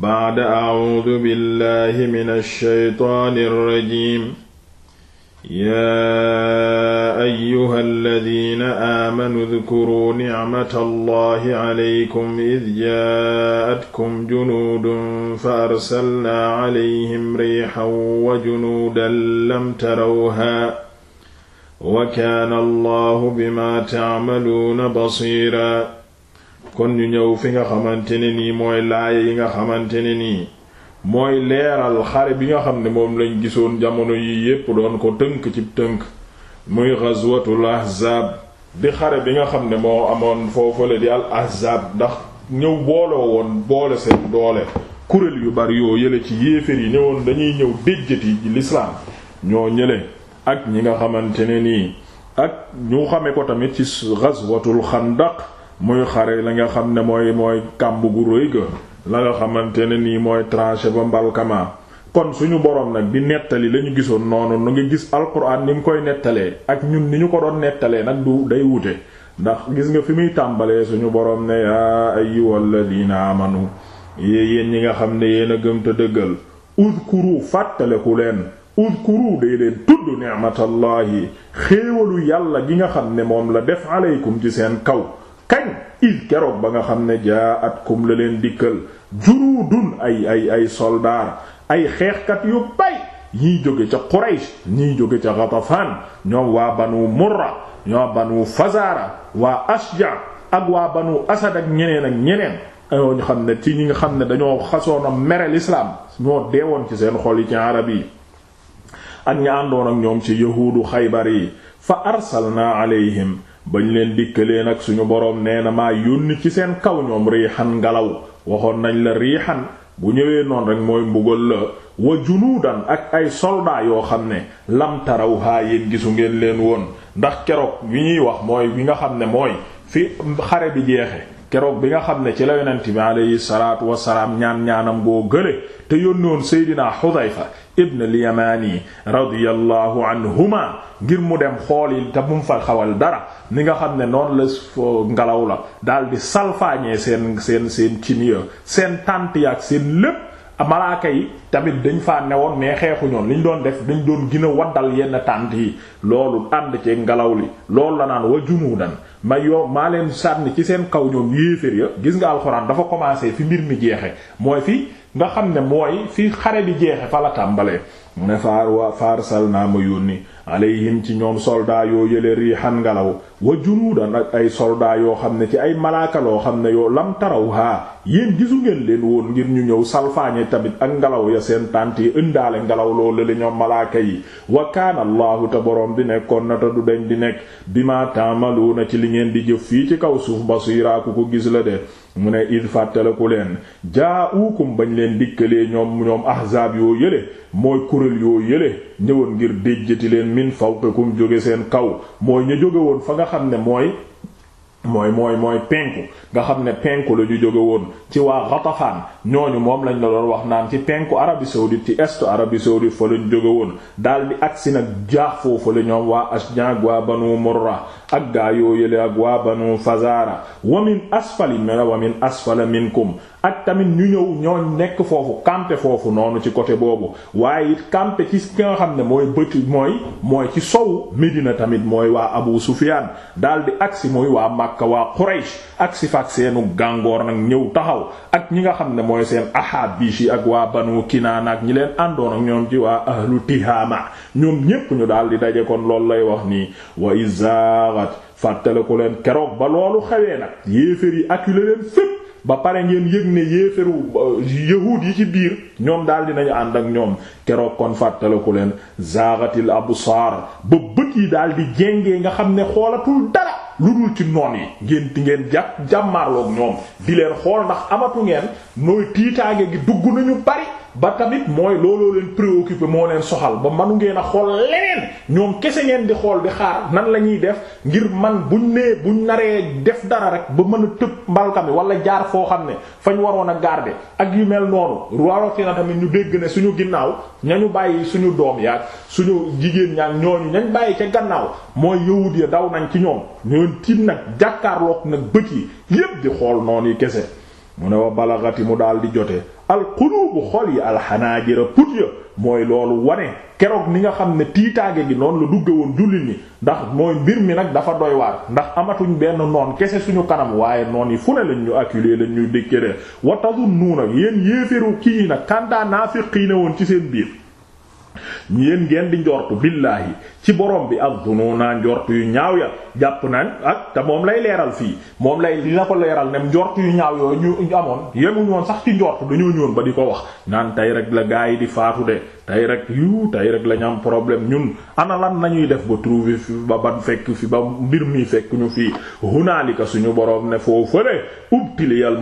baada acuudu billahi min alshaytaani alrajim yaa ayuha alladina aamanuu dkuruu nicmata allahi calaykum id jaa'atkum junuudun fa arsalnaa calayhim riixan wa junuudan lam tarawhaa wa kaana allahu bimaa tacmaluuna basiiraa kon ñu ñëw fi nga xamante ne nii mooy laaya yi nga xamante ne nii mooy leeral xare bi nga xam ne moom lañ gisoon jamono yi yépp doon ko tënk ci tënk muy ghazwatul ahzaab di xare bi nga xam ne moo amoon foofale di al ndax ñëw boole woon boole seen doole kuréel yu bari yoo yële ci yéeféer yi ñëwoon dañuy ñëw déjjati ji lislaam ñoo ñële ak ñi nga xamante ne nii ak ñu xame ko tamit ci ghazwatul xandaq muy xare la nga xam ne mooy mooy kàmb gu rëy ga la nga xamante ne nii mooy tranché ba mbalkama kon suñu boroom nag di nettali lañu gisoon noonu nu ngi gis alxuraan ni mu koy nettalee ak ñun ni ñu ko doon nettalee nag du day wute ndax gis nga fi muy tàmbalee suñu boroom ne yaa ayyuhalladina amanu yée yéen ñi nga xam ne yéen a gëm te dëggal udkuru fàttaleku leen udkuru day leen tudd ni'matallahi xéewalu yàlla gi nga xam ne moom la def aleykum ci seen kaw id keroog ba nga xam ne jaa at kum la leen dikkal jurudun ay ay ay soldaar ay xeexkat yu bay ñiy jóge ca Quraysh ñiy jóge ca Ghatafan ñoom waa banu Murra ñoom banu Fazara waa Ashja ak waa banu Asad ak ñeneen ak ñeneen ñoo xam ne ti ñi nga xam ne dañoo xasoon a mere l'islam ñoo deewoon ci seen xol yi ci arab yi ak ña àndoon ak ñoom ci yahuudu Xaybar yi fa arsalna alayhim bañ leen dikkalee nag suñu boroom nee na maa yónni ci seen kaw ñoom riixan ngelaw waxoon nañ la riixan bu ñëwee noonu rek mooy mbugal la wa junuudan ak ay soldat yoo xam ne lam taraw gisu ngeen leen woon ndax keroog yi ñuy wax mooy bi nga xam ne mooy fi xare bi jeexe keroog bi nga xam ne ci la yonent bi alayhi salaatu wasalaam ñaan ñaanam goo gële te yónnoon Seydina Xudayfa ibn al-Yamani radiyallahu anhuma ngir mu dem xool yi te mu fa xawal dara ni nga xam ne noonu la ngelaw la daal di salfaañee seen seen seen ciniya seen tànt yaak seen lépp malaaka yi tamit dañ faa newoon mais xeexu ñoon li doon def dañ doon gina a waddal yenn tànt yi loolu ànd ci ngelaw li loolu la naan wa junuudan ma yo maa leen sànni ci seen kaw ñoom yéefér ya gis nga alxuraan dafa commencé fi mbir mi jeexe mooy fi nga xam ne mooy fi xare bi jeexe fa la tàmbalee mu ne faar wa faarsal naa ma yónni alayhim ci ñoom soldaar yoo yële riixan ngelaw wa junuudan ak ay soldaar yoo xam ne ci ay malaaka loo xam ne yoo lam taraw haa yéen gisu ngeen leen woon ngir ñu ñëw salfaañe tamit ak ngelaw ya seen tànt yi ëndaale ngelaw loolu la ñoom malaaka yi wa kaana te borom bi nekkoon na te du deñ di nekk bi ma na ci li ngeen di jëf fii ci kaw suuf basiira ku ko gis la de mu ne id fàttaliku leen jaa'ukum bañ leen dikkalee ñoom ñoom ahzaab yoo yële mooy kuréel yoo yële ñëwoon ngir déjjati leen min fawqikum jóge seen kaw mooy ñu jóge woon fa nga xam ne mooy mooy mooy mooy penku nga xam ne penku la ñu jóge woon ci waa Ghatafan ñooñu moom lañ la doon wax naan ci penku Arabie saoudite ci est Arabie saoudite fa lañ jóge woon daal di agsi nag jaax foofu la ñoom waa Ashjag waa Banu Murra ak gaa yoo yële ak waa Banu Fazara wa min asfali mera wa min asfala minkum ak tamit ñu ñëw ñoo nekk foofu campé foofu noonu ci côté boobu waaye it campé ci nga xam ne mooy bëti mooy mooy ci sow Medina tamit mooy waa Abu Sufyan daal di agsi mooy waa Makka waa Quraysh agsi faak seenu gàngoor nag ñëw taxaw ak ñi nga xam ne mooy seen ahaabish yi ak waa Banu Kinaana ak ñi leen àndoon ak ñoom ci waa ahlu Tihaama ñoom ñépp ñu daal di daje kon loolu lay wax nii wa izaagat fàttale ko leen keroog ba loolu xewee nag yéeféer yi acculé ba pare ngeen yëg ne yéeféru euh, yahuud yi ci biir ñoom daal nañu ànd ak ñoom keroog kon fàttaliku leen abu absaar ba bët yi daal di jéngee nga xam ne xoolatul dara lu dul ci noon yi ngeen ti ngeen jàpp jàmmaarloog ñoom di leen xool ndax amatu ngeen nooy tiitaange gi dugg nañu bari ba tamit mooy looloo leen préoccupé moo leen soxal ba manu ngeen a xool leneen ñoom kese ngeen di xool di xaar nan la ñuy def ngir man buñ nee buñ naree def dara rek ba mën a tëb mbalkami wala jaar foo xam ne fañ waroon a garder ak yu mel noonu na tamit ñu dégg ne suñu ginnaaw ñañu bàyyi suñu doom yaag suñu jigéen ñaag ñooñu ñañ bàyyi ca gannaaw mooy yawut ya daw nañ ci ñoom ñoon tiit nag jàkkaarloog nag bët yi yépp di xool noonu kese mu ne wa balagati mu daal di jote alquluubu xool yi alxanaajira put ya mooy loolu wane keroog ni nga xam ne tiitaage gi noonu la dugge woon jullit ñi ndax mooy mbir mi nag dafa doy waar ndax amatuñ benn noon kese suñu kanam waaye noon yi fu ne lañ ñu acculé lañ ñu dékkëree watazunnuuna yéen yéeféru kii nag kàntaa naa yi ne woon ci seen biir yéen ngeen di njortu billaahi ci borom bi ak dunu naa njort yu ñaaw ya jàpp nañ ak te moom lay leeral fii moom lay dina ko leeral ne njort yu ñaaw yooyu ñu amoon yemuñ woon sax ci njort dañoo ñëwoon ba di ko wax naan tey rek la gaa yi di faatu de tey rek yu tey rek la ñu am problème ñun ana nañuy def ba trouver fi ba ban fekk fi ba mbir mi fekk ñu fii hunaalika suñu borom ne foo fële ubtili al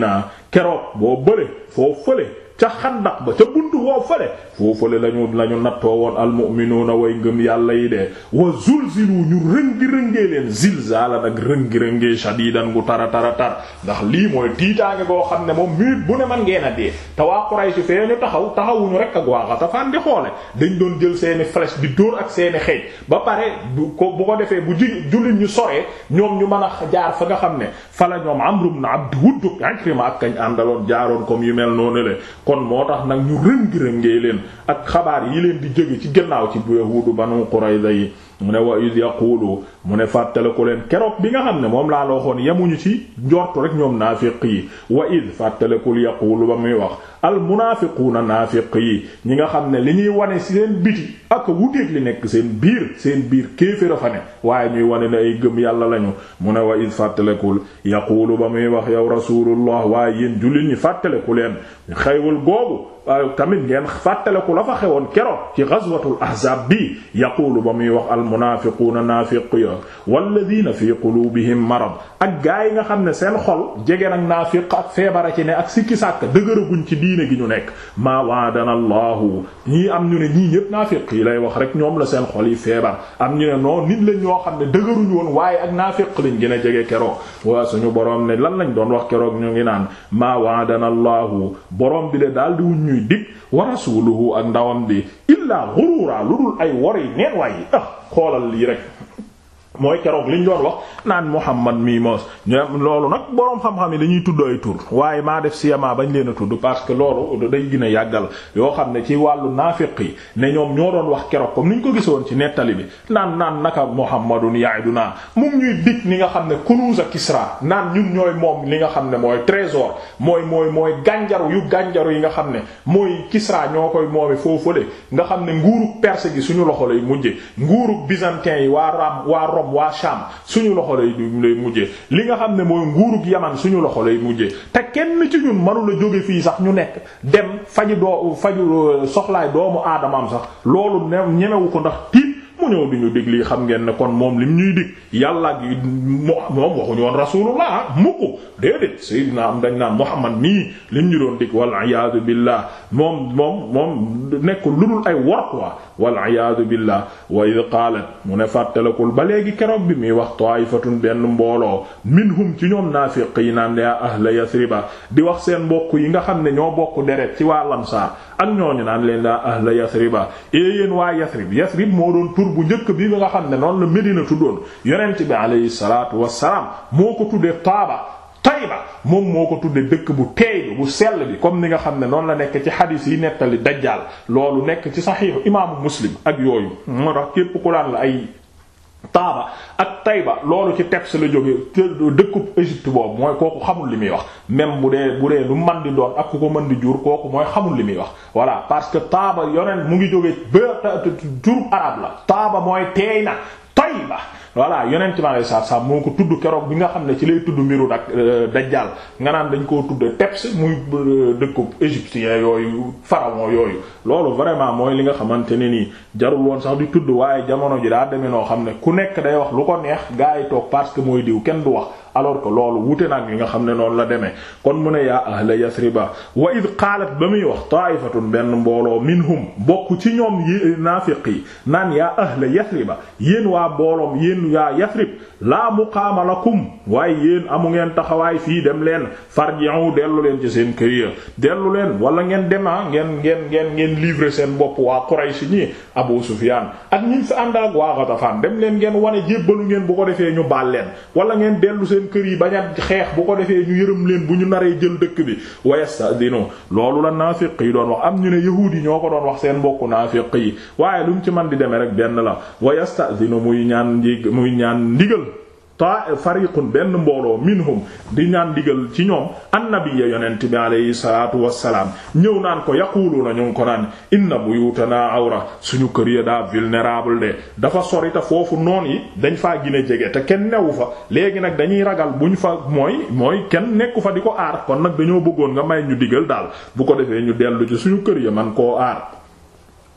naa keroog boo bële foo fële ca xandaq ba ca buntu foofu fale foofale lañu lañu nattoo woon almu'minuuna way ngëm yàlla yi de wa zulzilu ñu rëngi-rëngee leen zilzaalan ak rëngi-rëngee shadiidan gu tara tara tar ndax lii mooy tiitaange goo xam ne moom minute bu ne man ngeen a dee te waa Quraysh fee ñu taxaw taxawuñu rek ak waa Ghatafaan di xoole dañ doon jël seeni flèche di dóor ak seeni xeej ba pare bu ko bu ko defee bu ji jullit ñu soree ñoom ñu mën a jaar fa nga xam ne fa la ñoom Amru na Abd Wudd Ikrima ak kañ àndaloon jaaroon comme yu mel noonu le kon moo tax nag ñu rëngi-rëngee leen ak xabaar yi leen di jóge ci gannaaw ci yahuudu banu Qurayza yi mu ne wa id yaqulu mu ne fàttale ku leen keroog bi nga xam ne moom laa la waxoon yemuñu ci njortu rek ñoom naafiq yi wa id fàttalekul yaqulu ba muy wax al munaafiquuna naafiq yi ñi nga xam ne li ñuy wane ci seen biti ak wuteeg li nekk seen biir seen biir kéefér a fa ne waaye ñuy wane ne ay gëm yàlla lañu mu ne wa id fàttalekul yaqulu ba muy wax yow rasulullah waaye yéen jullit ñi fàttaleku leen xaywul googu tamit ngeen fàttaleku la fa xewoon keroog ci ghazwatul ahzab bi yaqulu ba muy wax al munafiquna naafiq ya walladina fi qulubihim marad ak gaa yi nga xam ne seen xol jege nag naafiq ak feebara ci ne ak sikki sàkk dëgëraguñ ci diine gi ñu nekk maa waadana allahu ñii am ñu ne ñii ñépp naafiq yi lay wax rek ñoom la seen xol yi feebar am ñu ne non nit lañ xam ne dëgëruñ woon waaye ak naafiq lañ gën a jege keroog suñu boroom ne lan lañ doon wax keroog ñu ngi naan daal di wuñ ñuy dig wa rasuluhu ak ndawam bi illaa ghururaa lu dul ay wor yi neen waaye ah xoolal lii rek mooy keroog liñ doon wax naan Muhammad mi mos ñoom loolu nag boroom xam-xam yi dañuy tudd ay tur waaye maa def siyamaa bañ leena tudd parce que loolu day gën a yàggal yoo xam ne ci wàllu naafiq yi ne ñoom ñoo doon wax keroog comme ni ñu ko gisoon ci nettali bi naan naan naka Muhammadun yaiduna mu ñuy dig ni nga xam ne kunuuza Kisra naan ñun ñooy moom li nga xam ne mooy trésor mooy mooy mooy gànjaru yu gànjaru yi nga xam ne mooy Kisra ñoo koy moomi foofule nga xam ne nguurug perse gi suñu loxo lay mujje nguurug byzantin yi waa waa Sham suñu loxo lay lay mujjee li nga xam ne mooy nguurug Yaman suñu loxo lay mujjee te kenn ci ñun mënu la jóge fii sax ñu nekk dem faji doo faju euh, soxlaay doomu aadamam sax loolu new ñemewu ko ndax tiit mu ñëw di ñu dig lii xam ngeen ne kon moom lim ñuy dig yàlla gi moom waxuñu woon rasulullah mukk déedéet sayyidina am dañ naan muhammad nii lim ñu doon dig wal iyaadu billah moom moom moom nekkul lu dul ay wor quoi waliyaadu billah wa id qaalat mu ne fàttalakul ba léegi keroog bi muy wax taaifatun benn mbooloo minhum ci ñoom naafiq yi naan yaa ahla yasriba di wax seen mbokk yi nga xam ne ñoo bokk deret ci waa lamsaar ak ñooñu naan leen yaa ahla yasriba e yéen waa yasrib yasrib moo doon tur bu njëkk bii bi nga xam ne noonu la Medina tuddoon yonent bi alayhi salaatu wassalaam moo ko tuddee taaba tayba moom moo ko tuddee dëkk bu teey bi bu sell bi comme ni nga xam ne noonu la nekk ci xadiis yi nettali dajjaal loolu nekk ci saxiixu imaamu muslim ak yooyu moo ku daan la ay taaba ak tayba loolu ci tebs la jóge dëkkub Égypte boobu mooy kooku xamul li muy wax même bu dee bu dee lu man di doon ak ku ko mën di jur kooku mooy xamul li muy wax voilà parce que taaba yoneen mu ngi jóge ba jurub arab la taaba mooy teey na tayba voilà yonent ma lay saa saa moo ko tudd keroog bi nga xam ne ci lay tudd mbiru dak euh, dajjal nga naan dañ koo tudd teps muy euh, dëkku égyptien yooyu pharaon yooyu loolu vraiment mooy li nga xamante ne nii jarul woon sax di tudd waaye jamono ji daa demee noo xam ne ku nekk day wax lu ko neex gaa yi toog parce que mooy diw kenn du wax alors que loolu wute nag li nga xam ne noonu la demee kon mu ne yaa ahla yasriba wa id qaalat ba muy wax taaifatun benn mbooloo minhum bokk ci ñoom yi naafiq yi naan yaa ahla yasriba yéen waa mbooloom yéen yaa yasrib laa xaamala lakum waaye yéen amu ngeen taxawaay fii dem leen farji'u dellu leen ci seen kër ya dellu leen wala ngeen demaa ah, ngeen ngeen ngeen ngeen livrer seen bopp waa Quraysh ñi Abu Sufyaan ak ñi fi àndal ak waa Ghatafaan dem leen ngeen wane jébbalu ngeen bu ko defee ñu baal leen kër yi bañ a xeex bu ko defee ñu yërëm leen bu ñu naree jël dëkk bi wayastadinu loolu la naafiq yi doon wax am ñu ne yahuud yi ñoo ko doon wax seen mbokku naafiq yi waaye lu mu ci man di demee rek benn la wayastadinu muy ñaan ndig muy ñaan ndigal taa fariqun benn mbooloo minhum di ñaan digal ci ñoom annabi ya yonent bi alayhi salaatu wassalaam ñëw naan ko yaquluuna ñu ngi ko naan inna buyutanaa awra suñu kër ya daa vulnérable de dafa sori te foofu noon yi dañ faa gine jege te kenn newu fa léegi nag dañuy ragal buñ fa mooy mooy kenn nekku fa di ko aar kon nag dañoo bëggoon nga may ñu digal daal bu ko defee ñu dellu ci suñu kër ya man koo aar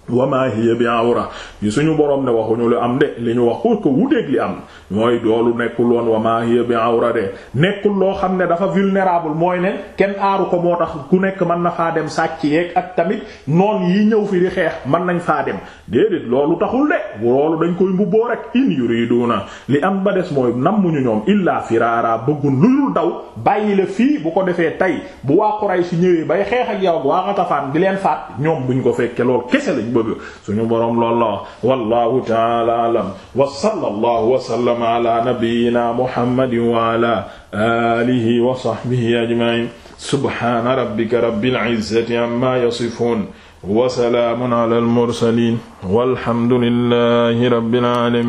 wama hiya bi awra yi suñu boroom ne waxuñu lu am de li ñu wax ko wuteeg li am mooy doolu nekkul woon wama hiya bi awra de nekkul loo xam ne dafa vulnérable mooy ne kenn aaru ko moo tax ku nekk mën na faa dem sàcc ak tamit noon yi ñëw fi di xeex mën nañ faa dem déedéet loolu taxul de loolu dañ koy mbubboo rek in na li am ba des mooy nammuñu ñoom illaa firaara bëggun lulul daw bàyyi la fii bu ko defee tey bu waa Quraysh ñëwee bay xeex ak yow waa Xatafaan di leen faat ñoom buñ ko fekke kese lañ lañ bëgg suñu boroom lool la wax wallahu ta'ala alam wa sallallahu wa sallama ala nabiyyina muhammadin wa ala alihi wa sahbihi ajma'in subhana rabbika rabbil izzati amma yasifun wa salamun ala al mursalin walhamdulillahi rabbil alamin